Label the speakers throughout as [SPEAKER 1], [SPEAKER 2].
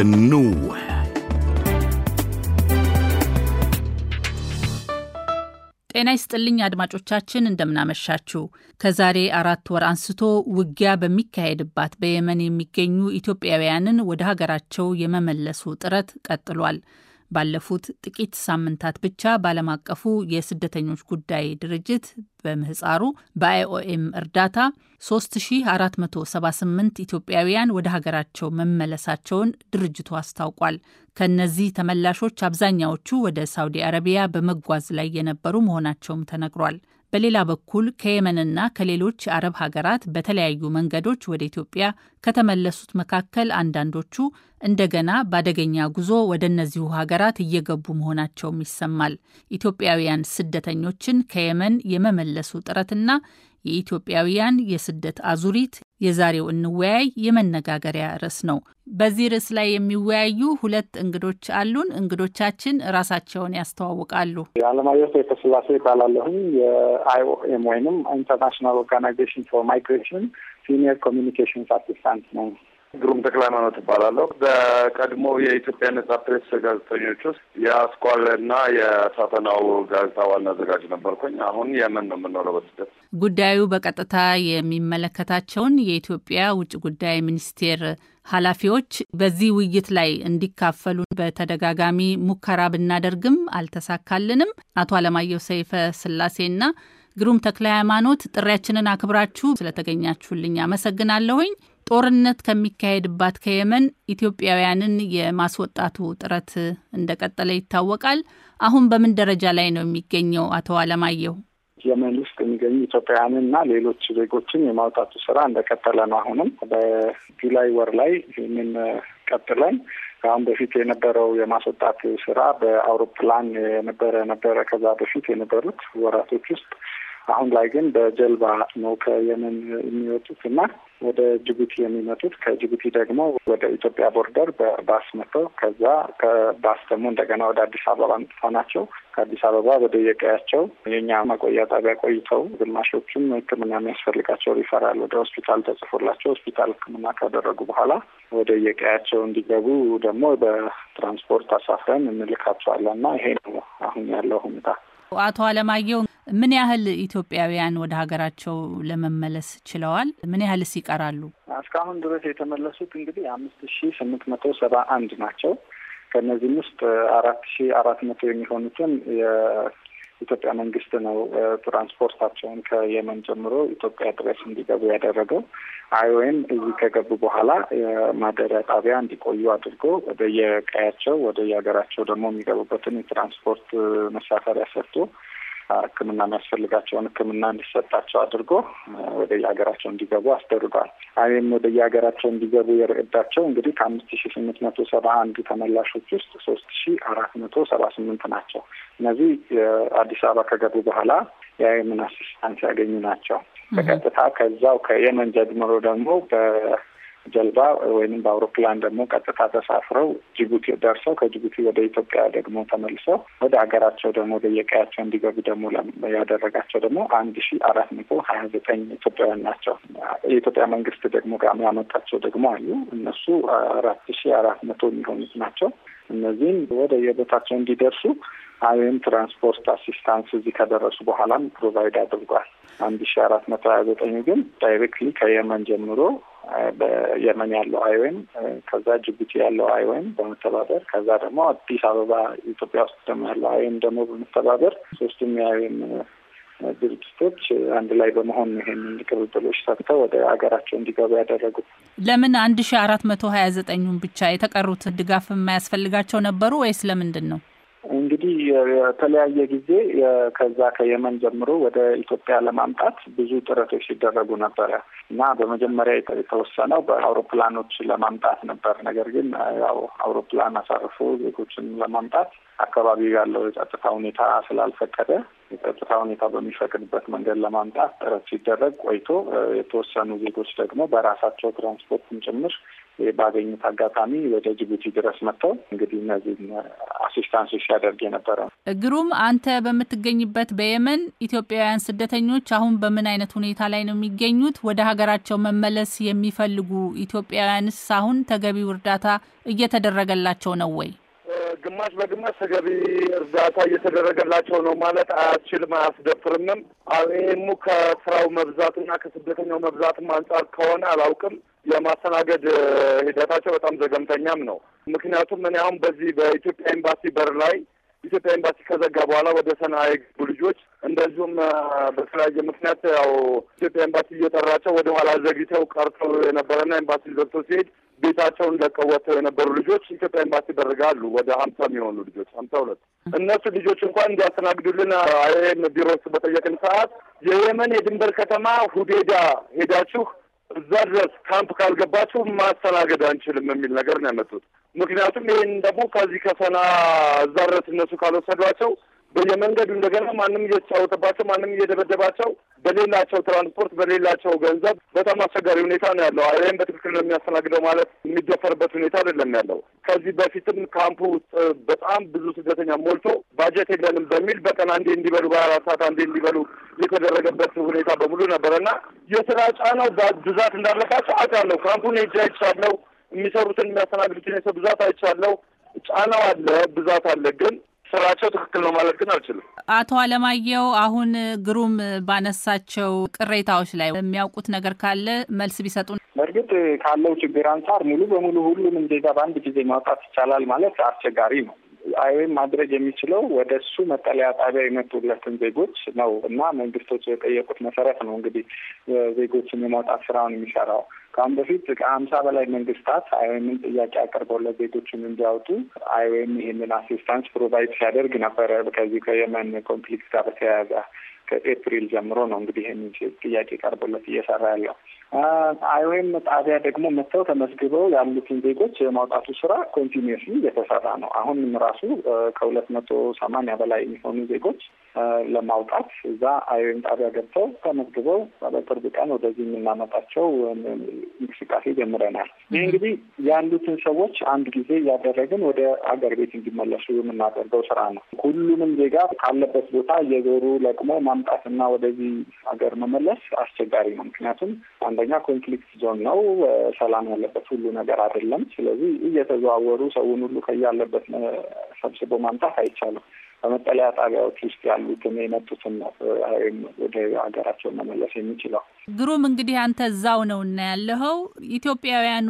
[SPEAKER 1] እንወያይ።
[SPEAKER 2] ጤና ይስጥልኝ አድማጮቻችን፣ እንደምናመሻችው ከዛሬ አራት ወር አንስቶ ውጊያ በሚካሄድባት በየመን የሚገኙ ኢትዮጵያውያንን ወደ ሀገራቸው የመመለሱ ጥረት ቀጥሏል። ባለፉት ጥቂት ሳምንታት ብቻ በዓለም አቀፉ የስደተኞች ጉዳይ ድርጅት በምህፃሩ በአይኦኤም እርዳታ 3478 ኢትዮጵያውያን ወደ ሀገራቸው መመለሳቸውን ድርጅቱ አስታውቋል። ከእነዚህ ተመላሾች አብዛኛዎቹ ወደ ሳውዲ አረቢያ በመጓዝ ላይ የነበሩ መሆናቸውም ተነግሯል። በሌላ በኩል ከየመንና ከሌሎች አረብ ሀገራት በተለያዩ መንገዶች ወደ ኢትዮጵያ ከተመለሱት መካከል አንዳንዶቹ እንደገና በአደገኛ ጉዞ ወደ እነዚሁ ሀገራት እየገቡ መሆናቸውም ይሰማል። ኢትዮጵያውያን ስደተኞችን ከየመን የመመለሱ ጥረትና የኢትዮጵያውያን የስደት አዙሪት የዛሬው እንወያይ የመነጋገሪያ ርዕስ ነው። በዚህ ርዕስ ላይ የሚወያዩ ሁለት እንግዶች አሉን። እንግዶቻችን ራሳቸውን ያስተዋውቃሉ።
[SPEAKER 3] አለማየሁ ተስላሴ ይባላለሁ። የአይኦኤም ወይንም ኢንተርናሽናል ኦርጋናይዜሽን ፎር ማይግሬሽን ሲኒየር ኮሚኒኬሽንስ
[SPEAKER 1] አሲስታንት ነው። ግሩም ተክለሃይማኖት እባላለሁ። በቀድሞ የኢትዮጵያ ነጻ ፕሬስ ጋዜጠኞች ውስጥ የአስኳልና የሳተናው ጋዜጣ ዋና አዘጋጅ ነበርኩኝ። አሁን የመን ነው የምንኖረው በስደት
[SPEAKER 2] ጉዳዩ በቀጥታ የሚመለከታቸውን የኢትዮጵያ ውጭ ጉዳይ ሚኒስቴር ኃላፊዎች በዚህ ውይይት ላይ እንዲካፈሉ በተደጋጋሚ ሙከራ ብናደርግም አልተሳካልንም። አቶ አለማየሁ ሰይፈ ስላሴና ግሩም ተክለ ሃይማኖት ጥሪያችንን አክብራችሁ ስለተገኛችሁልኝ አመሰግናለሁኝ። ጦርነት ከሚካሄድባት ከየመን ኢትዮጵያውያንን የማስወጣቱ ጥረት እንደቀጠለ ይታወቃል። አሁን በምን ደረጃ ላይ ነው የሚገኘው? አቶ አለማየሁ
[SPEAKER 3] የመን ውስጥ የሚገኙ ኢትዮጵያውያንን ሌሎች ዜጎችን የማውጣቱ ስራ እንደቀጠለ ነው። አሁንም በጁላይ ወር ላይ ይህንን ቀጥለን ከአሁን በፊት የነበረው የማስወጣት ስራ በአውሮፕላን የነበረ ነበረ። ከዛ በፊት የነበሩት ወራቶች ውስጥ አሁን ላይ ግን በጀልባ ነው ከየመን የሚወጡት እና ወደ ጅቡቲ የሚመጡት ከጅቡቲ ደግሞ ወደ ኢትዮጵያ ቦርደር በባስ መጥተው ከዛ ከባስ ደግሞ እንደገና ወደ አዲስ አበባ መጥፋ ናቸው። ከአዲስ አበባ ወደ የቀያቸው የኛ መቆያ ጣቢያ ቆይተው ግማሾቹም ሕክምና የሚያስፈልጋቸው ሪፈራል ወደ ሆስፒታል ተጽፎላቸው ሆስፒታል ሕክምና ካደረጉ በኋላ ወደ የቀያቸው እንዲገቡ ደግሞ በትራንስፖርት አሳፍረን እንልካቸዋለን እና ይሄ ነው አሁን ያለው ሁኔታ።
[SPEAKER 2] አቶ አለማየሁ ምን ያህል ኢትዮጵያውያን ወደ ሀገራቸው ለመመለስ ችለዋል? ምን ያህልስ ይቀራሉ?
[SPEAKER 3] እስካሁን ድረስ የተመለሱት እንግዲህ አምስት ሺ ስምንት መቶ ሰባ አንድ ናቸው። ከእነዚህም ውስጥ አራት ሺ አራት መቶ የሚሆኑትን ኢትዮጵያ መንግስት ነው ትራንስፖርታቸውን ከየመን ጀምሮ ኢትዮጵያ ድረስ እንዲገቡ ያደረገው። አይኦኤም እዚህ ከገቡ በኋላ የማደሪያ ጣቢያ እንዲቆዩ አድርጎ ወደ የቀያቸው ወደ የሀገራቸው ደግሞ የሚገቡበትን የትራንስፖርት መሳፈሪያ ሰጥቶ ሕክምና የሚያስፈልጋቸውን ሕክምና እንዲሰጣቸው አድርጎ ወደ የሀገራቸው እንዲገቡ አስደርጓል። አይም ወደ የሀገራቸው እንዲገቡ የረዳቸው እንግዲህ ከአምስት ሺ ስምንት መቶ ሰባ አንዱ ተመላሾች ውስጥ ሶስት ሺ አራት መቶ ሰባ ስምንት ናቸው። እነዚህ አዲስ አበባ ከገቡ በኋላ የአይምን አሲስታንስ ያገኙ ናቸው። በቀጥታ ከዛው ከየመን ጀምሮ ደግሞ ጀልባ ወይም በአውሮፕላን ደግሞ ቀጥታ ተሳፍረው ጅቡቲ ደርሰው ከጅቡቲ ወደ ኢትዮጵያ ደግሞ ተመልሰው ወደ ሀገራቸው ደግሞ በየቀያቸው እንዲገቡ ደግሞ ያደረጋቸው ደግሞ አንድ ሺ አራት መቶ ሀያ ዘጠኝ ኢትዮጵያውያን ናቸው። የኢትዮጵያ መንግስት ደግሞ ጋር ያመጣቸው ደግሞ አሉ። እነሱ አራት ሺ አራት መቶ የሚሆኑት ናቸው። እነዚህም ወደ የቦታቸው እንዲደርሱ አይም ትራንስፖርት አሲስታንስ እዚህ ከደረሱ በኋላም ፕሮቫይድ አድርጓል። አንድ ሺ አራት መቶ ሀያ ዘጠኙ ግን ዳይሬክትሊ ከየመን ጀምሮ በየመን ያለው አይወይም ከዛ ጅቡቲ ያለው አይወይም በመተባበር ከዛ ደግሞ አዲስ አበባ ኢትዮጵያ ውስጥ ደግሞ ያለው አይወይም ደግሞ በመተባበር ሶስቱም የአይወይም ድርጅቶች አንድ ላይ በመሆን ይሄንን ቅብብሎች ሰርተው ወደ ሀገራቸው እንዲገቡ
[SPEAKER 2] ያደረጉት። ለምን አንድ ሺ አራት መቶ ሀያ ዘጠኙን ብቻ የተቀሩት ድጋፍ የማያስፈልጋቸው ነበሩ ወይስ ለምንድን ነው?
[SPEAKER 3] እንግዲህ የተለያየ ጊዜ ከዛ ከየመን ጀምሮ ወደ ኢትዮጵያ ለማምጣት ብዙ ጥረቶች ሲደረጉ ነበረ እና በመጀመሪያ የተወሰነው በአውሮፕላኖች ለማምጣት ነበር። ነገር ግን ያው አውሮፕላን አሳርፎ ዜጎችን ለማምጣት አካባቢው ያለው የጸጥታ ሁኔታ ስላልፈቀደ የጸጥታ ሁኔታ በሚፈቅድበት መንገድ ለማምጣት ጥረት ሲደረግ ቆይቶ የተወሰኑ ዜጎች ደግሞ በራሳቸው ትራንስፖርትን ጭምር ባገኙት አጋጣሚ ወደ ጅቡቲ ድረስ መጥተው እንግዲህ እነዚህ አሲስታንሶች ሲያደርግ የነበረ
[SPEAKER 2] ግሩም፣ አንተ በምትገኝበት በየመን ኢትዮጵያውያን ስደተኞች አሁን በምን አይነት ሁኔታ ላይ ነው የሚገኙት? ወደ ሀገራቸው መመለስ የሚፈልጉ ኢትዮጵያውያንስ አሁን ተገቢው እርዳታ እየተደረገላቸው ነው ወይ?
[SPEAKER 1] ግማሽ በግማሽ ተገቢ እርዳታ እየተደረገላቸው ነው ማለት አያስችልም፣ አያስደፍርምም። ይህሙ ከስራው መብዛትና ከስደተኛው መብዛትም አንጻር ከሆነ አላውቅም። የማስተናገድ ሂደታቸው በጣም ዘገምተኛም ነው። ምክንያቱም እኔ አሁን በዚህ በኢትዮጵያ ኤምባሲ በር ላይ ኢትዮጵያ ኤምባሲ ከዘጋ በኋላ ወደ ሰና የገቡ ልጆች እንደዚሁም በተለያየ ምክንያት ያው ኢትዮጵያ ኤምባሲ እየጠራቸው ወደ ኋላ ዘግተው ቀርተው የነበረና ኤምባሲ ዘግቶ ሲሄድ ቤታቸውን ለቀው ወጥተው የነበሩ ልጆች ኢትዮጵያ ኤምባሲ ይደረጋሉ። ወደ ሀምሳ የሚሆኑ ልጆች ሀምሳ ሁለት እነሱ ልጆች እንኳን እንዲያስተናግዱልን አይም ቢሮ ውስጥ በጠየቅን ሰዓት የየመን የድንበር ከተማ ሁዴዳ ሄዳችሁ እዛ ድረስ ካምፕ ካልገባችሁ ማስተናገድ አንችልም የሚል ነገር ነው ያመጡት። ምክንያቱም ይህን ደግሞ ከዚህ ከሰና እዛ ድረስ እነሱ ካልወሰዷቸው በየመንገዱ እንደገና ማንም እየተጫወተባቸው ማንም እየደበደባቸው በሌላቸው ትራንስፖርት በሌላቸው ገንዘብ በጣም አስቸጋሪ ሁኔታ ነው ያለው። ይህም በትክክል ነው የሚያስተናግደው ማለት የሚደፈርበት ሁኔታ አይደለም ያለው። ከዚህ በፊትም ካምፑ ውስጥ በጣም ብዙ ስደተኛ ሞልቶ ባጀት የለንም በሚል በቀን አንዴ እንዲበሉ፣ በአራት ሰዓት አንዴ እንዲበሉ የተደረገበት ሁኔታ በሙሉ ነበረ ነበረና የስራ ጫናው ብዛት እንዳለባቸው አውቃለሁ። ካምፑን ሄጄ አይቻለሁ። የሚሰሩትን የሚያስተናግዱትን የሰው ብዛት አይቻለሁ። ጫናው አለ፣ ብዛት አለ ግን
[SPEAKER 2] ስራቸው ትክክል ነው ማለት ግን አልችልም። አቶ አለማየሁ አሁን ግሩም ባነሳቸው ቅሬታዎች ላይ የሚያውቁት ነገር ካለ መልስ ቢሰጡን። በእርግጥ
[SPEAKER 3] ካለው ችግር አንጻር ሙሉ በሙሉ ሁሉንም ዜጋ በአንድ ጊዜ ማውጣት ይቻላል ማለት አስቸጋሪ ነው። አይወይም ማድረግ የሚችለው ወደ እሱ መጠለያ ጣቢያ የመጡለትን ዜጎች ነው እና መንግስቶች የጠየቁት መሰረት ነው እንግዲህ ዜጎችን የማውጣት ስራውን የሚሰራው ከአሁን በፊት ከአምሳ በላይ መንግስታት አይኦኤምን ጥያቄ አቅርበውለት ዜጎችን እንዲያወጡ አይኦኤም ይህንን አሲስታንስ ፕሮቫይድ ሲያደርግ ነበረ። ከዚህ ከየመን ኮንፍሊክት ጋር በተያያዘ ከኤፕሪል ጀምሮ ነው እንግዲህ ይህን ጥያቄ ቀርቦለት እየሰራ ያለው። አይ ጣቢያ ደግሞ መጥተው ተመዝግበው ያሉትን ዜጎች የማውጣቱ ስራ ኮንቲኒስ እየተሰራ ነው። አሁንም ራሱ ከሁለት መቶ ሰማንያ በላይ የሚሆኑ ዜጎች ለማውጣት እዛ አይ ጣቢያ ገብተው ተመዝግበው በቅርብ ቀን ወደዚህ የምናመጣቸው እንቅስቃሴ ጀምረናል። ይህ እንግዲህ ያሉትን ሰዎች አንድ ጊዜ እያደረግን ወደ አገር ቤት እንዲመለሱ የምናደርገው ስራ ነው። ሁሉንም ዜጋ ካለበት ቦታ እየዞሩ ለቅሞ ማምጣትና ወደዚህ ሀገር መመለስ አስቸጋሪ ነው። ምክንያቱም አንደኛ ኮንፍሊክት ዞን ነው፣ ሰላም ያለበት ሁሉ ነገር አይደለም። ስለዚህ እየተዘዋወሩ ሰውን ሁሉ ከያለበት ሰብስቦ ማምጣት አይቻልም። በመጠለያ ጣቢያዎች ውስጥ ያሉትን የመጡትን ወደ ሀገራቸው መመለስ የሚችለው።
[SPEAKER 2] ግሩም እንግዲህ አንተ እዛው ነው እና ያለኸው ኢትዮጵያውያኑ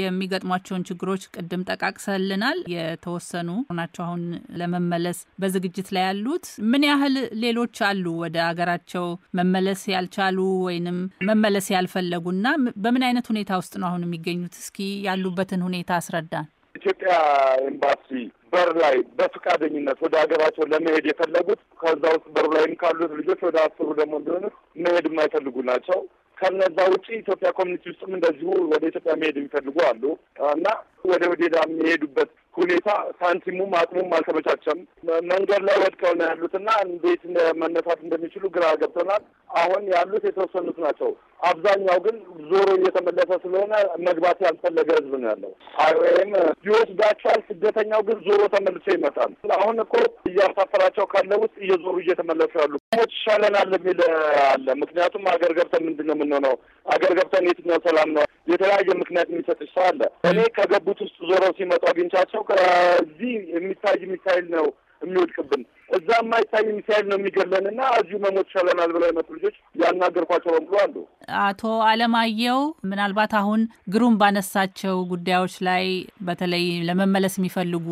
[SPEAKER 2] የሚገጥሟቸውን ችግሮች ቅድም ጠቃቅሰልናል። የተወሰኑ ናቸው አሁን ለመመለስ በዝግጅት ላይ ያሉት። ምን ያህል ሌሎች አሉ ወደ ሀገራቸው መመለስ ያልቻሉ ወይንም መመለስ እና በምን አይነት ሁኔታ ውስጥ ነው አሁን የሚገኙት? እስኪ ያሉበትን ሁኔታ አስረዳን።
[SPEAKER 1] ኢትዮጵያ ኤምባሲ በር ላይ በፍቃደኝነት ወደ ሀገራቸው ለመሄድ የፈለጉት ከዛ ውስጥ በሩ ላይም ካሉት ልጆች ወደ አስሩ ደግሞ እንደሆነ መሄድ የማይፈልጉ ናቸው። ከነዛ ውጭ ኢትዮጵያ ኮሚኒቲ ውስጥም እንደዚሁ ወደ ኢትዮጵያ መሄድ የሚፈልጉ አሉ እና ወደ ሆዴዳ የሚሄዱበት ሁኔታ ሳንቲሙም አቅሙም አልተመቻቸም። መንገድ ላይ ወድቀው ነው ያሉትና እንዴት መነሳት እንደሚችሉ ግራ ገብተናል። አሁን ያሉት የተወሰኑት ናቸው። አብዛኛው ግን ዞሮ እየተመለሰ ስለሆነ መግባት ያልፈለገ ህዝብ ነው ያለው። ወይም ይወስዳቸዋል። ስደተኛው ግን ዞሮ ተመልሶ ይመጣል። አሁን እኮ እያሳፈራቸው ካለ ውስጥ እየዞሩ እየተመለሱ ያሉ ሞት ይሻለናል የሚል አለ። ምክንያቱም አገር ገብተን ምንድን ነው የምንሆነው? አገር ገብተን የትኛው ሰላም ነው የተለያየ ምክንያት የሚሰጥች ሰው አለ። እኔ ከገቡት ውስጥ ዞረው ሲመጡ አግኝቻቸው ከዚህ የሚታይ የሚታይ ነው የሚወድቅብን። እዛ የማይታይ ሚሳይል ነው የሚገለን እና እዚሁ መሞት ይሻለናል ብለው የመጡ ልጆች
[SPEAKER 2] ያናገርኳቸው በሙሉ አሉ። አቶ አለማየሁ ምናልባት አሁን ግሩም ባነሳቸው ጉዳዮች ላይ በተለይ ለመመለስ የሚፈልጉ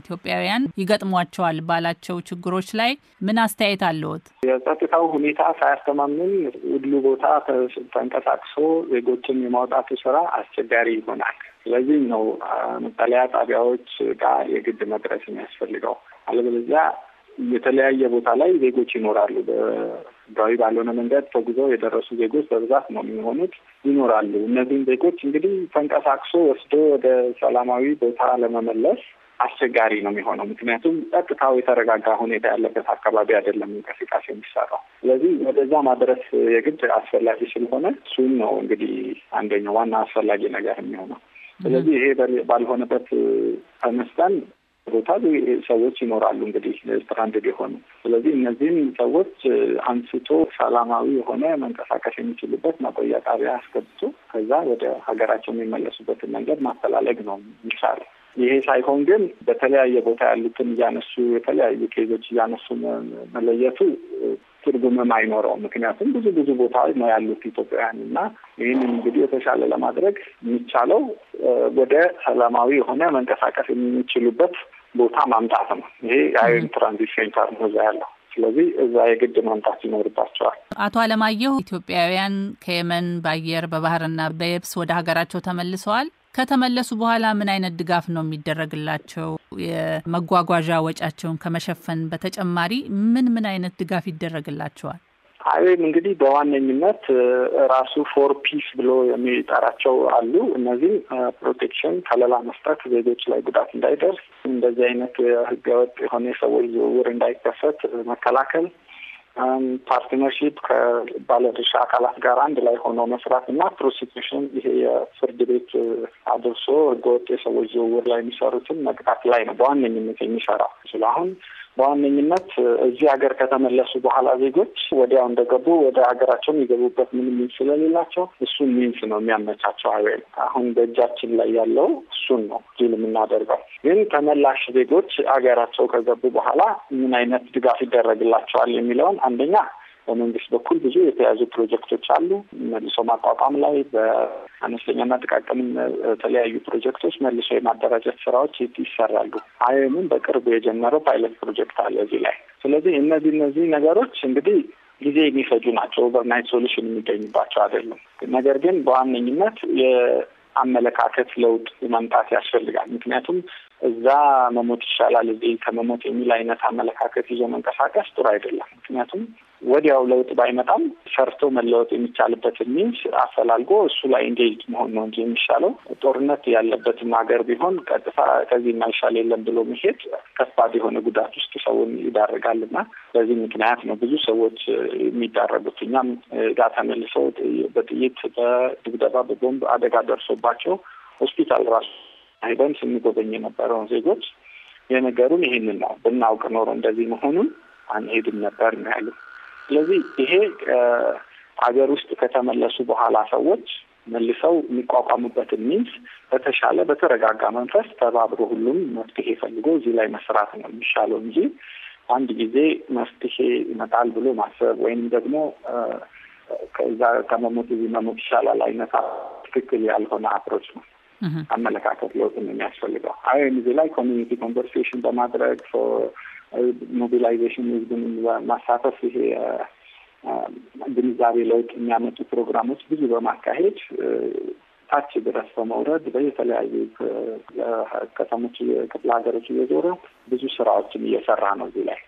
[SPEAKER 2] ኢትዮጵያውያን ይገጥሟቸዋል ባላቸው ችግሮች ላይ ምን አስተያየት አለዎት?
[SPEAKER 1] የጸጥታው
[SPEAKER 3] ሁኔታ ሳያስተማምን ሁሉ ቦታ ተንቀሳቅሶ ዜጎችን የማውጣቱ ስራ አስቸጋሪ ይሆናል። ስለዚህ ነው መጠለያ ጣቢያዎች ጋር የግድ መድረስ የሚያስፈልገው። አለበለዚያ የተለያየ ቦታ ላይ ዜጎች ይኖራሉ። በህጋዊ ባልሆነ መንገድ ተጉዘው የደረሱ ዜጎች በብዛት ነው የሚሆኑት ይኖራሉ። እነዚህም ዜጎች እንግዲህ ተንቀሳቅሶ ወስዶ ወደ ሰላማዊ ቦታ ለመመለስ አስቸጋሪ ነው የሚሆነው። ምክንያቱም ጸጥታው የተረጋጋ ሁኔታ ያለበት አካባቢ አይደለም እንቅስቃሴ የሚሰራው። ስለዚህ ወደዛ ማድረስ የግድ አስፈላጊ ስለሆነ እሱም ነው እንግዲህ አንደኛው ዋና አስፈላጊ ነገር የሚሆነው። ስለዚህ ይሄ ባልሆነበት ተነስተን ቦታ ሰዎች ይኖራሉ እንግዲህ ስትራንድድ የሆኑ ስለዚህ እነዚህም ሰዎች አንስቶ ሰላማዊ የሆነ መንቀሳቀስ የሚችሉበት መቆያ ጣቢያ አስገብቶ ከዛ ወደ ሀገራቸው የሚመለሱበትን መንገድ ማፈላለግ ነው ይሻል። ይሄ ሳይሆን ግን በተለያየ ቦታ ያሉትን እያነሱ የተለያዩ ኬዞች እያነሱ መለየቱ ትርጉምም አይኖረው ምክንያቱም ብዙ ብዙ ቦታ ነው ያሉት ኢትዮጵያውያን እና ይህንን እንግዲህ የተሻለ ለማድረግ የሚቻለው ወደ ሰላማዊ የሆነ መንቀሳቀስ የሚችሉበት ቦታ ማምጣት ነው። ይሄ የአይን ትራንዚሽን ተርሞ እዛ ያለው ስለዚህ እዛ የግድ መምጣት
[SPEAKER 1] ይኖርባቸዋል።
[SPEAKER 2] አቶ አለማየሁ ኢትዮጵያውያን ከየመን በአየር በባህርና በየብስ ወደ ሀገራቸው ተመልሰዋል። ከተመለሱ በኋላ ምን አይነት ድጋፍ ነው የሚደረግላቸው? የመጓጓዣ ወጫቸውን ከመሸፈን በተጨማሪ ምን ምን አይነት ድጋፍ ይደረግላቸዋል?
[SPEAKER 3] ሀይዌም እንግዲህ በዋነኝነት ራሱ ፎር ፒስ ብሎ የሚጠራቸው አሉ። እነዚህም ፕሮቴክሽን፣ ከለላ መስጠት፣ ዜጎች ላይ ጉዳት እንዳይደርስ፣ እንደዚህ አይነት ህገወጥ የሆነ የሰዎች ዝውውር እንዳይከሰት መከላከል፣ ፓርትነርሺፕ ከባለድርሻ አካላት ጋር አንድ ላይ ሆኖ መስራት እና ፕሮሲኪዩሽን ይሄ የፍርድ ቤት አድርሶ ህገወጥ የሰዎች ዝውውር ላይ የሚሰሩትን መቅጣት ላይ ነው በዋነኝነት የሚሰራው። ስለአሁን በዋነኝነት እዚህ ሀገር ከተመለሱ በኋላ ዜጎች ወዲያው እንደገቡ ወደ ሀገራቸው የሚገቡበት ምንም ሚንስ ስለሌላቸው እሱ ሚንስ ነው የሚያመቻቸው አይወይም አሁን በእጃችን ላይ ያለው እሱን ነው ዲል የምናደርገው። ግን ተመላሽ ዜጎች ሀገራቸው ከገቡ በኋላ ምን አይነት ድጋፍ ይደረግላቸዋል የሚለውን አንደኛ በመንግስት በኩል ብዙ የተያዙ ፕሮጀክቶች አሉ። መልሶ ማቋቋም ላይ በአነስተኛና ጥቃቅን የተለያዩ ፕሮጀክቶች መልሶ የማደራጀት ስራዎች ይሰራሉ። አይምም በቅርቡ የጀመረው ፓይለት ፕሮጀክት አለ እዚህ ላይ። ስለዚህ እነዚህ እነዚህ ነገሮች እንግዲህ ጊዜ የሚፈጁ ናቸው። ኦቨርናይት ሶሉሽን የሚገኝባቸው አይደሉም። ነገር ግን በዋነኝነት አመለካከት ለውጥ መምጣት ያስፈልጋል። ምክንያቱም እዛ መሞት ይሻላል እዚህ ከመሞት የሚል አይነት አመለካከት ይዞ መንቀሳቀስ ጥሩ አይደለም። ምክንያቱም ወዲያው ለውጥ ባይመጣም ሸርቶ መለወጥ የሚቻልበትን ሚንስ አፈላልጎ እሱ ላይ ኢንጌጅድ መሆን ነው እንጂ የሚሻለው ጦርነት ያለበትም ሀገር ቢሆን ቀጥታ ከዚህ ማይሻል የለም ብሎ መሄድ ከባድ የሆነ ጉዳት ውስጥ ሰውን ይዳርጋል እና በዚህ ምክንያት ነው ብዙ ሰዎች የሚዳረጉት። እኛም ጋር ተመልሰው በጥይት በድብደባ፣ በቦምብ አደጋ ደርሶባቸው ሆስፒታል ራሱ ሄደን ስንጎበኝ የነበረውን ዜጎች የነገሩን ይህንን ነው። ብናውቅ ኖሮ እንደዚህ መሆኑን አንሄድም ነበር ነው ያሉ። ስለዚህ ይሄ ሀገር ውስጥ ከተመለሱ በኋላ ሰዎች መልሰው የሚቋቋሙበትን ሚንስ በተሻለ በተረጋጋ መንፈስ ተባብሮ ሁሉም መፍትሄ ፈልጎ እዚህ ላይ መስራት ነው የሚሻለው እንጂ አንድ ጊዜ መፍትሄ ይመጣል ብሎ ማሰብ ወይም ደግሞ ከዛ ከመሞት እዚህ መሞት ይሻላል አይነት ትክክል ያልሆነ አፕሮች ነው። አመለካከት ለውጥ ነው የሚያስፈልገው። አይ እዚህ ላይ ኮሚኒቲ ኮንቨርሴሽን በማድረግ ሞቢላይዜሽን ህዝብን ማሳተፍ ይሄ ግንዛቤ ለውጥ የሚያመጡ ፕሮግራሞች ብዙ በማካሄድ ታች ድረስ በመውረድ በየተለያዩ ከተሞች፣ ክፍለ ሀገሮች እየዞረ ብዙ ስራዎችን እየሰራ ነው። እዚህ ላይ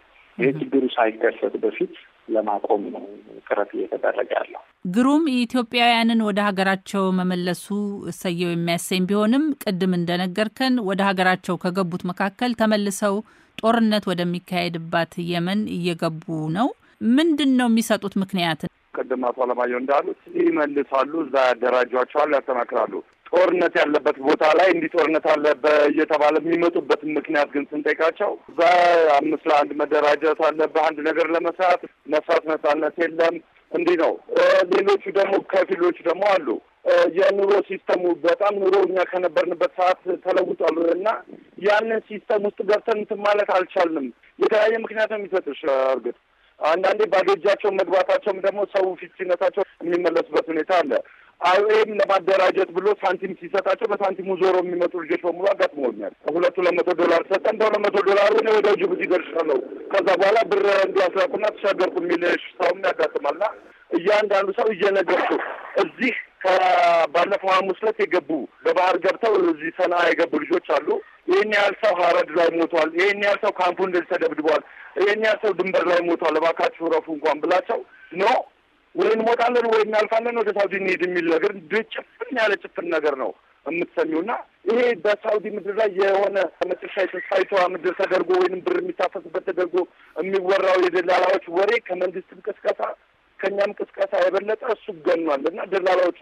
[SPEAKER 3] ይህ ችግሩ ሳይከሰት በፊት ለማቆም ነው ጥረት እየተደረገ ያለው።
[SPEAKER 2] ግሩም ኢትዮጵያውያንን ወደ ሀገራቸው መመለሱ እሰየው የሚያሰኝ ቢሆንም ቅድም እንደነገርከን ወደ ሀገራቸው ከገቡት መካከል ተመልሰው ጦርነት ወደሚካሄድባት የመን እየገቡ ነው። ምንድን ነው የሚሰጡት ምክንያት?
[SPEAKER 1] ቅድም አቶ አለማየሁ እንዳሉት ይመልሳሉ፣ እዛ ያደራጇቸዋል፣ ያጠናክራሉ። ጦርነት ያለበት ቦታ ላይ እንዲህ ጦርነት አለ እየተባለ የሚመጡበትን ምክንያት ግን ስንጠይቃቸው እዛ አምስት ለአንድ መደራጀት አለብህ፣ አንድ ነገር ለመስራት መስራት ነጻነት የለም፣ እንዲህ ነው። ሌሎቹ ደግሞ ከፊሎቹ ደግሞ አሉ የኑሮ ሲስተሙ በጣም ኑሮ እኛ ከነበርንበት ሰዓት ተለውጧል እና ያንን ሲስተም ውስጥ ገብተን እንትን ማለት አልቻልንም። የተለያየ ምክንያት ነው የሚሰጥሽ። እርግጥ አንዳንዴ ባዶ መግባታቸውም ደግሞ ሰው ፊትነታቸው የሚመለሱበት ሁኔታ አለ። አይኤም ለማደራጀት ብሎ ሳንቲም ሲሰጣቸው በሳንቲሙ ዞሮ የሚመጡ ልጆች በሙሉ አጋጥመውኛል። ሁለቱ ለመቶ ዶላር ሰጠን። በሁለት መቶ ዶላሩ እኔ ወደ ጅቡቲ ደርሻለሁ፣ ከዛ በኋላ ብር እንዲያስላቁና ተሻገርኩ የሚል ሰውም ያጋጥማልና እያንዳንዱ ሰው እየነገርኩ እዚህ ከባለፈው ሐሙስ ዕለት የገቡ በባህር ገብተው እዚህ ሰና የገቡ ልጆች አሉ። ይህን ያህል ሰው ሀረድ ላይ ሞቷል፣ ይህን ያህል ሰው ካምፑ እንደዚህ ተደብድቧል፣ ይህን ያህል ሰው ድንበር ላይ ሞቷል፣ እባካችሁ ረፉ እንኳን ብላቸው ኖ ወይ እንሞጣለን ወይ እናልፋለን ወደ ሳውዲ እንሂድ የሚል ነገር ጭፍን ያለ ጭፍን ነገር ነው የምትሰሚው የምትሰሚውና ይሄ በሳውዲ ምድር ላይ የሆነ መጨረሻ የተስፋይቷ ምድር ተደርጎ ወይንም ብር የሚታፈስበት ተደርጎ የሚወራው የደላላዎች ወሬ ከመንግስትም ቅስቀሳ ከእኛም ቅስቀሳ የበለጠ እሱ ገኗል እና ደላላዎቹ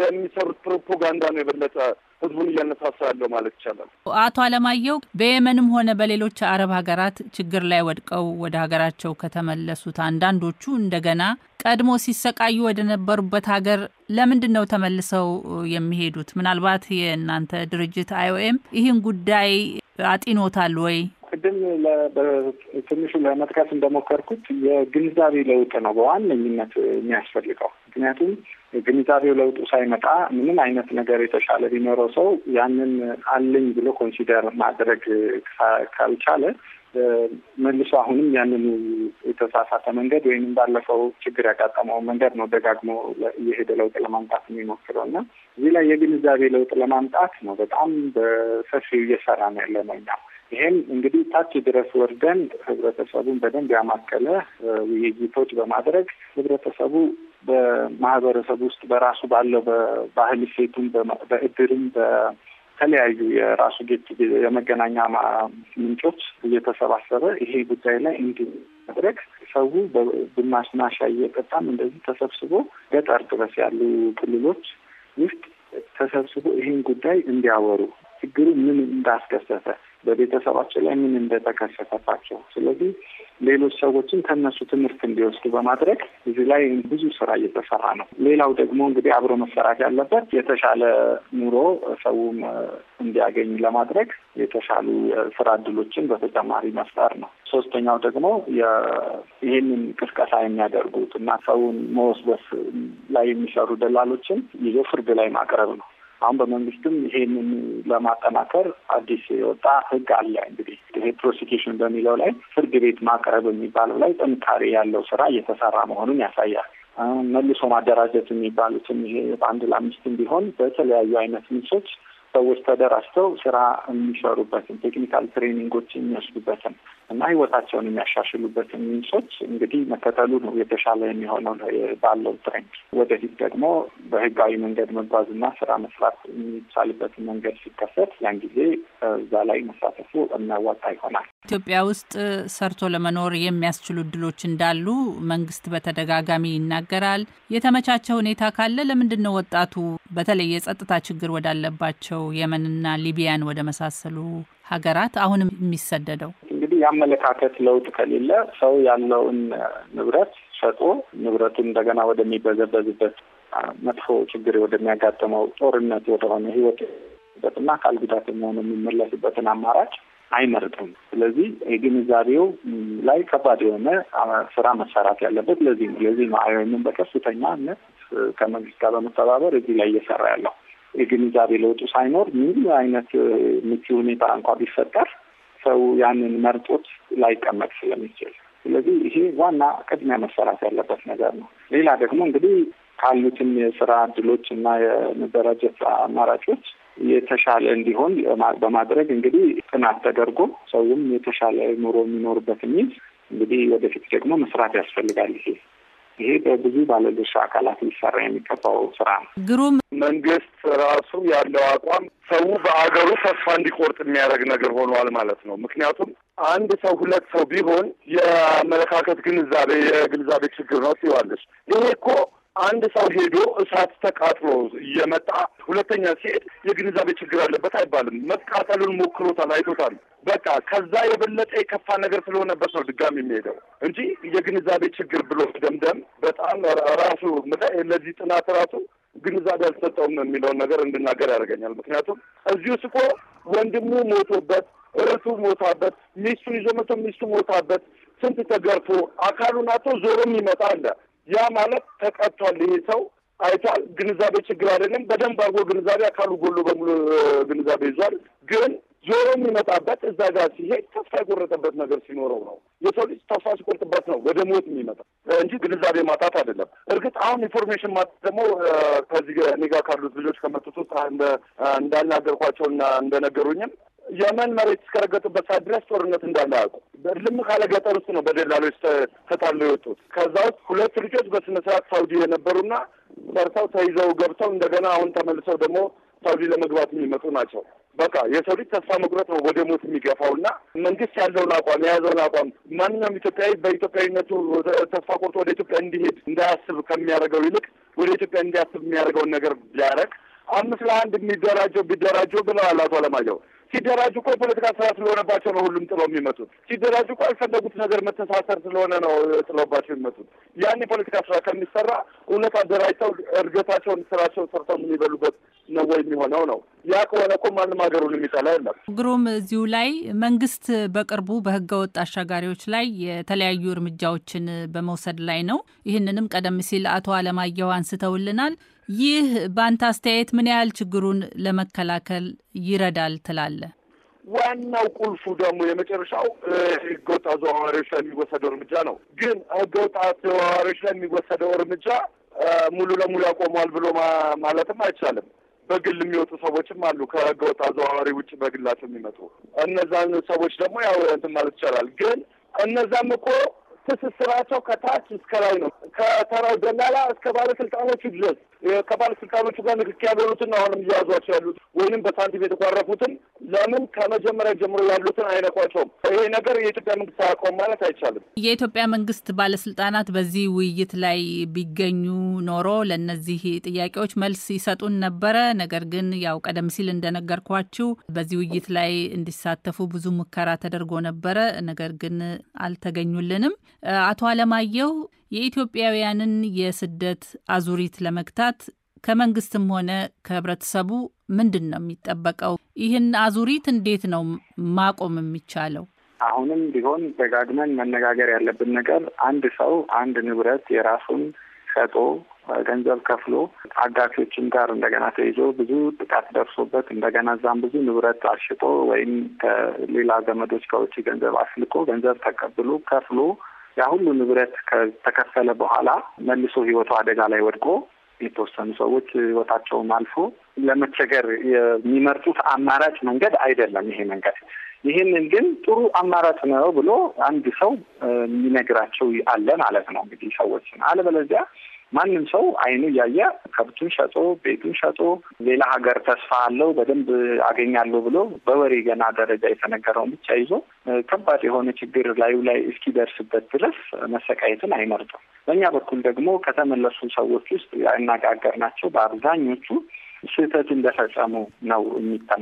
[SPEAKER 1] የሚሰሩት ፕሮፓጋንዳ ነው የበለጠ ህዝቡን እያነሳሳ ያለው ማለት ይቻላል።
[SPEAKER 2] አቶ አለማየሁ በየመንም ሆነ በሌሎች አረብ ሀገራት ችግር ላይ ወድቀው ወደ ሀገራቸው ከተመለሱት አንዳንዶቹ እንደገና ቀድሞ ሲሰቃዩ ወደ ነበሩበት ሀገር ለምንድን ነው ተመልሰው የሚሄዱት? ምናልባት የእናንተ ድርጅት አይኦኤም ይህን ጉዳይ አጢኖታል ወይ?
[SPEAKER 3] ቅድም ትንሹ ለመጥቃት እንደሞከርኩት የግንዛቤ ለውጥ ነው በዋነኝነት የሚያስፈልገው። ምክንያቱም ግንዛቤው ለውጡ ሳይመጣ ምንም አይነት ነገር የተሻለ ቢኖረው ሰው ያንን አለኝ ብሎ ኮንሲደር ማድረግ ካልቻለ መልሶ አሁንም ያንን የተሳሳተ መንገድ ወይም ባለፈው ችግር ያጋጠመው መንገድ ነው ደጋግሞ እየሄደ ለውጥ ለማምጣት የሚሞክረው እና እዚህ ላይ የግንዛቤ ለውጥ ለማምጣት ነው በጣም በሰፊው እየሰራ ነው ያለ ይህም እንግዲህ ታች ድረስ ወርደን ህብረተሰቡን በደንብ ያማከለ ውይይቶች በማድረግ ህብረተሰቡ በማህበረሰቡ ውስጥ በራሱ ባለው በባህል ሴቱን በእድርም በተለያዩ የራሱ ጌት የመገናኛ ምንጮች እየተሰባሰበ ይሄ ጉዳይ ላይ እንዲ ማድረግ ሰው ቡናና ሻይ እየጠጣም እንደዚህ ተሰብስቦ ገጠር ድረስ ያሉ ክልሎች ውስጥ ተሰብስቦ ይህን ጉዳይ እንዲያወሩ ችግሩ ምን እንዳስከሰተ በቤተሰባቸው ላይ ምን እንደተከሰተባቸው፣ ስለዚህ ሌሎች ሰዎችን ከእነሱ ትምህርት እንዲወስዱ በማድረግ እዚህ ላይ ብዙ ስራ እየተሰራ ነው። ሌላው ደግሞ እንግዲህ አብሮ መሰራት ያለበት የተሻለ ኑሮ ሰውም እንዲያገኝ ለማድረግ የተሻሉ ስራ እድሎችን በተጨማሪ መፍጠር ነው። ሶስተኛው ደግሞ ይህንን ቅስቀሳ የሚያደርጉት እና ሰውን መወስበስ ላይ የሚሰሩ ደላሎችን ይዞ ፍርድ ላይ ማቅረብ ነው። አሁን በመንግስትም ይሄንን ለማጠናከር አዲስ የወጣ ህግ አለ። እንግዲህ ይሄ ፕሮሲኪሽን በሚለው ላይ ፍርድ ቤት ማቅረብ የሚባለው ላይ ጥንካሬ ያለው ስራ እየተሰራ መሆኑን ያሳያል። መልሶ ማደራጀት የሚባሉትም ይሄ በአንድ ለአምስትም ቢሆን በተለያዩ አይነት ምንሶች ሰዎች ተደራጅተው ስራ የሚሰሩበትን ቴክኒካል ትሬኒንጎች የሚወስዱበትን እና ህይወታቸውን የሚያሻሽሉበትን ሚንሶች እንግዲህ መከተሉ ነው የተሻለ የሚሆነው ባለው ትሬንድ። ወደፊት ደግሞ በህጋዊ መንገድ መጓዝና ስራ መስራት የሚቻልበትን መንገድ ሲከሰት ያን ጊዜ እዛ ላይ መሳተፉ የሚያዋጣ ይሆናል።
[SPEAKER 2] ኢትዮጵያ ውስጥ ሰርቶ ለመኖር የሚያስችሉ እድሎች እንዳሉ መንግስት በተደጋጋሚ ይናገራል። የተመቻቸ ሁኔታ ካለ ለምንድን ነው ወጣቱ በተለይ የጸጥታ ችግር ወዳለባቸው የመንና ሊቢያን ወደ መሳሰሉ ሀገራት አሁንም የሚሰደደው?
[SPEAKER 3] እንግዲህ የአመለካከት ለውጥ ከሌለ ሰው ያለውን ንብረት ሰጦ ንብረቱን እንደገና ወደሚበዘበዝበት መጥፎ ችግር ወደሚያጋጥመው ጦርነት ወደሆነ ህይወት በትና አካል ጉዳተኛ የሚመለስበትን አማራጭ አይመርጥም። ስለዚህ የግንዛቤው ላይ ከባድ የሆነ ስራ መሰራት ያለበት ለዚህ ነው። ለዚህ ነው በከፍተኛ ነት ከመንግስት ጋር በመተባበር እዚህ ላይ እየሰራ ያለው። የግንዛቤ ለውጡ ሳይኖር ምን አይነት ምቹ ሁኔታ እንኳ ቢፈጠር ሰው ያንን መርጦት ላይቀመጥ ስለሚችል፣ ስለዚህ ይሄ ዋና ቅድሚያ መሰራት ያለበት ነገር ነው። ሌላ ደግሞ እንግዲህ ካሉትም የስራ እድሎች እና የመደራጀት አማራጮች የተሻለ እንዲሆን በማድረግ እንግዲህ ጥናት ተደርጎ ሰውም የተሻለ ኑሮ የሚኖርበት የሚል እንግዲህ ወደፊት ደግሞ መስራት ያስፈልጋል ይሄ ይሄ በብዙ ባለድርሻ አካላት ሊሰራ የሚገባው ስራ ነው።
[SPEAKER 2] ግሩም
[SPEAKER 1] መንግስት ራሱ ያለው አቋም ሰው በአገሩ ተስፋ እንዲቆርጥ የሚያደርግ ነገር ሆኗል ማለት ነው። ምክንያቱም አንድ ሰው ሁለት ሰው ቢሆን የአመለካከት ግንዛቤ የግንዛቤ ችግር ነው ትይዋለች። ይሄ እኮ አንድ ሰው ሄዶ እሳት ተቃጥሎ እየመጣ ሁለተኛ ሲሄድ የግንዛቤ ችግር አለበት አይባልም። መቃጠሉን ሞክሮታል፣ አይቶታል። በቃ ከዛ የበለጠ የከፋ ነገር ስለሆነበት ነው ድጋሚ የሚሄደው እንጂ የግንዛቤ ችግር ብሎ ደምደም በጣም ራሱ ለዚህ ጥናት ራሱ ግንዛቤ አልሰጠውም የሚለውን ነገር እንድናገር ያደርገኛል። ምክንያቱም እዚሁ ስቆ ወንድሙ ሞቶበት፣ እህቱ ሞታበት፣ ሚስቱ ይዞ መቶ ሚስቱ ሞታበት፣ ስንት ተገርፎ አካሉን አቶ ዞሮም ይመጣ አለ ያ ማለት ተቀጥቷል። ይሄ ሰው አይቷል። ግንዛቤ ችግር አይደለም። በደንብ አድርጎ ግንዛቤ አካሉ ጎሎ በሙሉ ግንዛቤ ይዟል። ግን ዞሮ የሚመጣበት እዛ ጋር ሲሄድ ተስፋ የቆረጠበት ነገር ሲኖረው ነው። የሰው ልጅ ተስፋ ሲቆርጥበት ነው ወደ ሞት የሚመጣ እንጂ ግንዛቤ ማጣት አይደለም። እርግጥ አሁን ኢንፎርሜሽን ማጣት ደግሞ ከዚህ እኔ ጋር ካሉት ልጆች ከመጡት ውስጥ እንዳናገርኳቸው እና እንደነገሩኝም የመን መሬት እስከረገጡበት ሰዓት ድረስ ጦርነት እንዳለ ያውቁ። ልም ካለ ገጠር ውስጥ ነው በደላሎች ተታለው የወጡት። ከዛ ውስጥ ሁለት ልጆች በስነ ስርዓት ሳውዲ የነበሩና ሰርተው ተይዘው ገብተው እንደገና አሁን ተመልሰው ደግሞ ሳውዲ ለመግባት የሚመጡ ናቸው። በቃ የሰው ልጅ ተስፋ መቁረጥ ነው ወደ ሞት የሚገፋው እና መንግስት ያለውን አቋም የያዘውን አቋም ማንኛውም ኢትዮጵያዊ በኢትዮጵያዊነቱ ተስፋ ቆርጦ ወደ ኢትዮጵያ እንዲሄድ እንዳያስብ ከሚያደርገው ይልቅ ወደ ኢትዮጵያ እንዲያስብ የሚያደርገውን ነገር ቢያደርግ አምስት ለአንድ የሚደራጀው ቢደራጀው ብለዋል አቶ አለማየሁ ሲደራጁ እኮ የፖለቲካ ስራ ስለሆነባቸው ነው ሁሉም ጥለው የሚመጡት። ሲደራጅ እኮ ያልፈለጉት ነገር መተሳሰር ስለሆነ ነው ጥለውባቸው የሚመጡት። ያን የፖለቲካ ስራ ከሚሰራ እውነት አደራጅተው እርገታቸውን ስራቸውን ሰርተው የሚበሉበት ነው ወይ የሚሆነው ነው። ያ ከሆነ እኮ ማንም ሀገሩን
[SPEAKER 2] የሚጠላ የለም። ግሩም፣ እዚሁ ላይ መንግስት በቅርቡ በህገ ወጥ አሻጋሪዎች ላይ የተለያዩ እርምጃዎችን በመውሰድ ላይ ነው። ይህንንም ቀደም ሲል አቶ አለማየሁ አንስተውልናል። ይህ በአንተ አስተያየት ምን ያህል ችግሩን ለመከላከል ይረዳል ትላለ
[SPEAKER 1] ዋናው ቁልፉ ደግሞ የመጨረሻው ህገወጥ አዘዋዋሪዎች ላይ የሚወሰደው እርምጃ ነው። ግን ህገወጥ አዘዋዋሪዎች ላይ የሚወሰደው እርምጃ ሙሉ ለሙሉ ያቆመዋል ብሎ ማለትም አይቻልም። በግል የሚወጡ ሰዎችም አሉ፣ ከህገወጥ አዘዋዋሪ ውጭ በግላቸው የሚመጡ እነዛን ሰዎች ደግሞ ያው እንትን ማለት ይቻላል። ግን እነዛም እኮ ትስስራቸው ከታች እስከ ላይ ነው፣ ከተራው ደላላ እስከ ባለስልጣኖቹ ድረስ ከባለስልጣኖቹ ጋር ንክኪ ያልሆኑትን አሁንም እያያዟቸው ያሉት ወይንም በሳንቲም የተቋረፉትን ለምን ከመጀመሪያ ጀምሮ ያሉትን አይነኳቸውም? ይሄ ነገር የኢትዮጵያ መንግስት
[SPEAKER 2] አያውቀውም ማለት አይቻልም። የኢትዮጵያ መንግስት ባለስልጣናት በዚህ ውይይት ላይ ቢገኙ ኖሮ ለእነዚህ ጥያቄዎች መልስ ይሰጡን ነበረ። ነገር ግን ያው ቀደም ሲል እንደነገርኳችሁ በዚህ ውይይት ላይ እንዲሳተፉ ብዙ ሙከራ ተደርጎ ነበረ። ነገር ግን አልተገኙልንም። አቶ አለማየሁ የኢትዮጵያውያንን የስደት አዙሪት ለመግታት ከመንግስትም ሆነ ከህብረተሰቡ ምንድን ነው የሚጠበቀው? ይህን አዙሪት እንዴት ነው ማቆም የሚቻለው?
[SPEAKER 3] አሁንም ቢሆን ደጋግመን መነጋገር ያለብን ነገር አንድ ሰው አንድ ንብረት የራሱን ሸጦ ገንዘብ ከፍሎ አጋቾችም ጋር እንደገና ተይዞ ብዙ ጥቃት ደርሶበት እንደገና እዛም ብዙ ንብረት አሽጦ ወይም ከሌላ ዘመዶች ከውጭ ገንዘብ አስልቆ ገንዘብ ተቀብሎ ከፍሎ ያ ሁሉ ንብረት ከተከፈለ በኋላ መልሶ ህይወቱ አደጋ ላይ ወድቆ የተወሰኑ ሰዎች ህይወታቸውን አልፎ ለመቸገር የሚመርጡት አማራጭ መንገድ አይደለም ይሄ መንገድ። ይህንን ግን ጥሩ አማራጭ ነው ብሎ አንድ ሰው የሚነግራቸው አለ ማለት ነው እንግዲህ ሰዎችን አለበለዚያ ማንም ሰው አይኑ እያየ ከብቱን ሸጦ ቤቱን ሸጦ ሌላ ሀገር ተስፋ አለው በደንብ አገኛለሁ ብሎ በወሬ ገና ደረጃ የተነገረውን ብቻ ይዞ ከባድ የሆነ ችግር ላዩ ላይ እስኪደርስበት ድረስ መሰቃየትን አይመርጥም። በእኛ በኩል ደግሞ ከተመለሱ ሰዎች ውስጥ ናቸው በአብዛኞቹ ስህተት እንደፈጸሙ ነው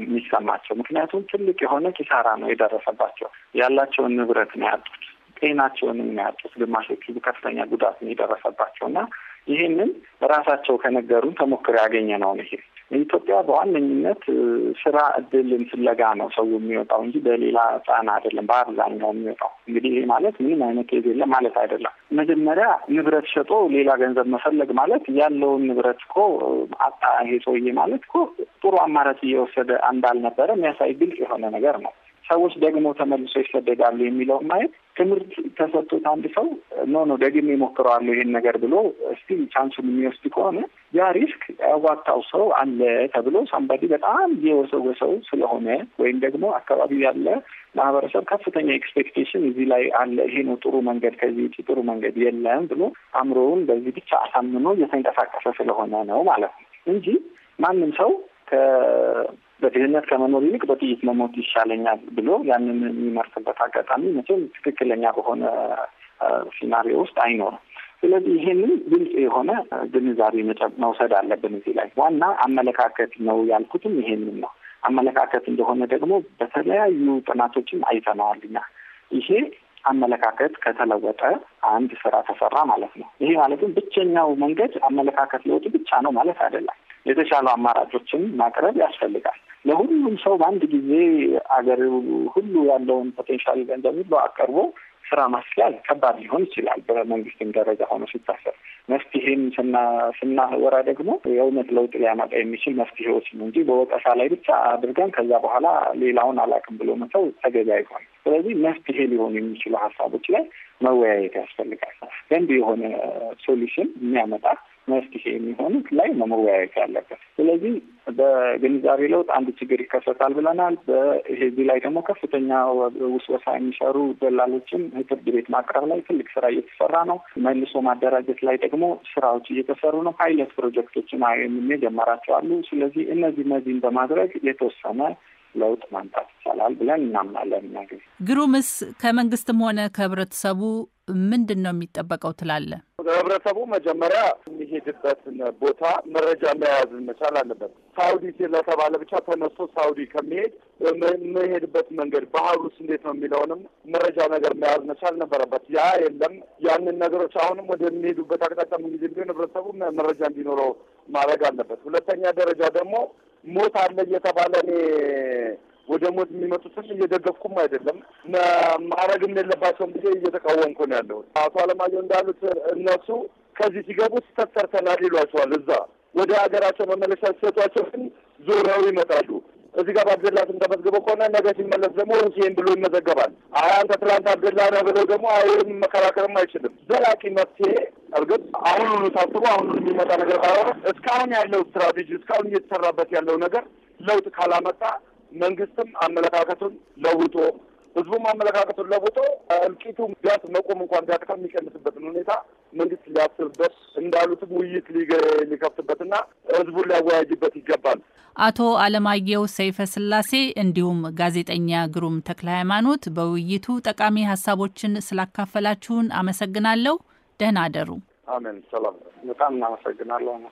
[SPEAKER 3] የሚሰማቸው። ምክንያቱም ትልቅ የሆነ ኪሳራ ነው የደረሰባቸው። ያላቸውን ንብረት ነው ያጡት። ጤናቸውንም ነው ያጡት። ግማሾቹ ከፍተኛ ጉዳት ነው የደረሰባቸው እና ይህንን ራሳቸው ከነገሩን ተሞክሮ ያገኘ ነው ይሄ ኢትዮጵያ በዋነኝነት ስራ እድልን ፍለጋ ነው ሰው የሚወጣው እንጂ በሌላ ጫና አይደለም በአብዛኛው የሚወጣው። እንግዲህ ይሄ ማለት ምንም አይነት ኬዝ የለም ማለት አይደለም። መጀመሪያ ንብረት ሸጦ ሌላ ገንዘብ መፈለግ ማለት ያለውን ንብረት እኮ አጣ ይሄ ሰውዬ ማለት እኮ ጥሩ አማራጭ እየወሰደ እንዳልነበረ የሚያሳይ ግልጽ የሆነ ነገር ነው። ሰዎች ደግሞ ተመልሶ ይሰደዳሉ የሚለውን ማየት ትምህርት ተሰጥቶት አንድ ሰው ኖ ኖ ደግሜ ሞክረዋለሁ ይሄን ነገር ብሎ እስቲ ቻንሱን የሚወስድ ከሆነ ያ ሪስክ ያዋጣው ሰው አለ ተብሎ ሳምባዲ በጣም የወሰወሰው ስለሆነ ወይም ደግሞ አካባቢ ያለ ማህበረሰብ ከፍተኛ ኤክስፔክቴሽን እዚህ ላይ አለ፣ ይሄ ነው ጥሩ መንገድ፣ ከዚህ ውጭ ጥሩ መንገድ የለም ብሎ አእምሮውን በዚህ ብቻ አሳምኖ እየተንቀሳቀሰ ስለሆነ ነው ማለት ነው እንጂ ማንም ሰው በድህነት ከመኖር ይልቅ በጥይት መሞት ይሻለኛል ብሎ ያንን የሚመርጥበት አጋጣሚ መቼም ትክክለኛ በሆነ ሲናሪዮ ውስጥ አይኖርም። ስለዚህ ይሄንን ግልጽ የሆነ ግንዛቤ መውሰድ አለብን። እዚህ ላይ ዋና አመለካከት ነው ያልኩትም ይሄንን ነው። አመለካከት እንደሆነ ደግሞ በተለያዩ ጥናቶችም አይተነዋል ይሄ አመለካከት ከተለወጠ አንድ ስራ ተሰራ ማለት ነው። ይሄ ማለትም ብቸኛው መንገድ አመለካከት ለውጥ ብቻ ነው ማለት አይደለም። የተሻሉ አማራጮችን ማቅረብ ያስፈልጋል። ለሁሉም ሰው በአንድ ጊዜ አገር ሁሉ ያለውን ፖቴንሻል ገንዘብ ሁሉ አቀርቦ ስራ ማስያዝ ከባድ ሊሆን ይችላል። በመንግስትም ደረጃ ሆኖ ሲታሰብ መፍትሄን ስናወራ ደግሞ የእውነት ለውጥ ሊያመጣ የሚችል መፍትሄዎች ነው እንጂ በወቀሳ ላይ ብቻ አድርገን ከዛ በኋላ ሌላውን አላውቅም ብሎ መተው ተገቢ አይሆንም። ስለዚህ መፍትሄ ሊሆኑ የሚችሉ ሀሳቦች ላይ መወያየት ያስፈልጋል። ገንቢ የሆነ ሶሉሽን የሚያመጣ መፍትሄ የሚሆኑት ላይ መወያየት ያለበት። ስለዚህ በግንዛቤ ለውጥ አንድ ችግር ይከሰታል ብለናል። በዚህ ላይ ደግሞ ከፍተኛ ውስወሳ የሚሰሩ ደላሎችን ፍርድ ቤት ማቅረብ ላይ ትልቅ ስራ እየተሰራ ነው። መልሶ ማደራጀት ላይ ደግሞ ስራዎች እየተሰሩ ነው። ፓይለት ፕሮጀክቶችን የጀመራቸው አሉ። ስለዚህ እነዚህ እነዚህን በማድረግ የተወሰነ ለውጥ ማምጣት ይቻላል ብለን እናምናለን።
[SPEAKER 2] ግሩምስ ከመንግስትም ሆነ ከህብረተሰቡ ምንድን ነው የሚጠበቀው ትላለን? ህብረተሰቡ
[SPEAKER 1] መጀመሪያ የሚሄድበትን ቦታ መረጃ መያዝ መቻል አለበት። ሳውዲ ስለተባለ ብቻ ተነስቶ ሳውዲ ከሚሄድ የሚሄድበት መንገድ ባህሩስ እንዴት ነው የሚለውንም መረጃ ነገር መያዝ መቻል ነበረበት። ያ የለም። ያንን ነገሮች አሁንም ወደሚሄዱበት አቅጣጫ ጊዜ ቢሆን ህብረተሰቡ መረጃ እንዲኖረው ማድረግ አለበት። ሁለተኛ ደረጃ ደግሞ ሞት አለ እየተባለ እኔ ወደ ሞት የሚመጡትን እየደገፍኩም አይደለም ማረግም የለባቸውም ጊዜ እየተቃወምኩ ነው ያለሁት። አቶ አለማየሁ እንዳሉት እነሱ ከዚህ ሲገቡ ስህተት ሰርተናል ይሏቸዋል። እዛ ወደ ሀገራቸው መመለሻ ሲሰጧቸው ግን ዞረው ይመጣሉ። እዚህ ጋር በአብደላ ስም ከሆነ ነገ ሲመለስ ደግሞ ሁሴን ብሎ ይመዘገባል። አይ አንተ ትላንት አብደላ ነህ ብለው ደግሞ አይም መከራከርም አይችልም። ዘላቂ መፍትሄ እርግጥ አሁኑኑ ታስቦ አሁኑን የሚመጣ ነገር ባይሆን እስካሁን ያለው ስትራቴጂ እስካሁን እየተሰራበት ያለው ነገር ለውጥ ካላመጣ መንግስትም አመለካከቱን ለውጦ ህዝቡም አመለካከቱን ለውጦ እልቂቱ ቢያንስ መቆም እንኳን ቢያቅተው የሚቀንስበትን ሁኔታ መንግስት ሊያስብበት እንዳሉትም ውይይት ሊከፍትበትና ህዝቡን
[SPEAKER 2] ሊያወያይበት ይገባል። አቶ አለማየሁ ሰይፈ ስላሴ እንዲሁም ጋዜጠኛ ግሩም ተክለ ሃይማኖት በውይይቱ ጠቃሚ ሀሳቦችን ስላካፈላችሁን አመሰግናለሁ። ደህና አደሩ።
[SPEAKER 1] አሜን።
[SPEAKER 3] ሰላም። በጣም እናመሰግናለሁ።